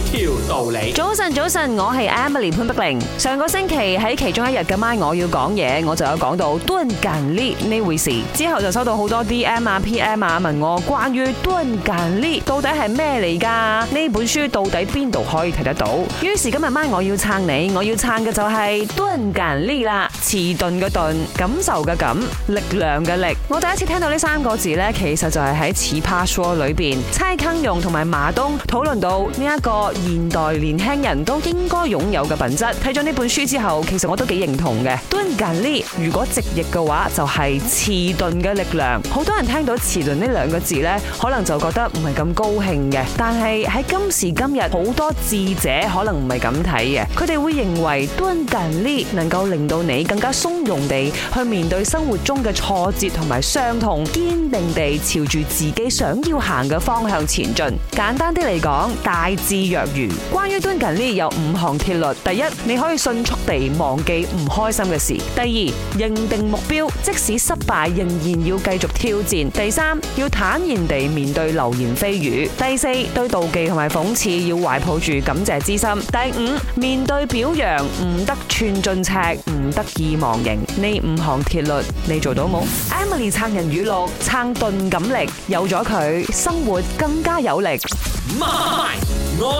條道理。早晨，早晨，我係 Emily 潘碧玲。上個星期喺其中一日嘅晚，我要講嘢，我就有講到鈍感力呢回事。之後就收到好多 D M 啊、P M 啊，問我關於鈍感力到底係咩嚟噶？呢本書到底邊度可以睇得到於？於是今日晚我要撐你，我要撐嘅就係鈍感力啦，遲鈍嘅鈍，感受嘅感，力量嘅力。我第一次聽到呢三個字呢，其實就係喺《似 p a s s o r d 裏邊，蔡康永同埋馬東討論到呢、這、一個。現代年輕人都應該擁有嘅品質，睇咗呢本書之後，其實我都幾認同嘅。鈍感力如果直譯嘅話，就係遲鈍嘅力量。好多人聽到遲鈍呢兩個字呢，可能就覺得唔係咁高興嘅。但係喺今時今日，好多智者可能唔係咁睇嘅，佢哋會認為鈍感力能夠令到你更加松容地去面對生活中嘅挫折同埋傷痛，堅定地朝住自己想要行嘅方向前進。簡單啲嚟講，大智。若愚，關於鈍感力有五項鐵律：第一，你可以迅速地忘記唔開心嘅事；第二，認定目標，即使失敗仍然要繼續挑戰；第三，要坦然地面對流言蜚語；第四，對妒忌同埋諷刺要懷抱住感謝之心；第五，面對表揚唔得寸進尺，唔得意忘形。呢五項鐵律，你做到冇？Emily 撐人語錄，撐鈍感力，有咗佢，生活更加有力。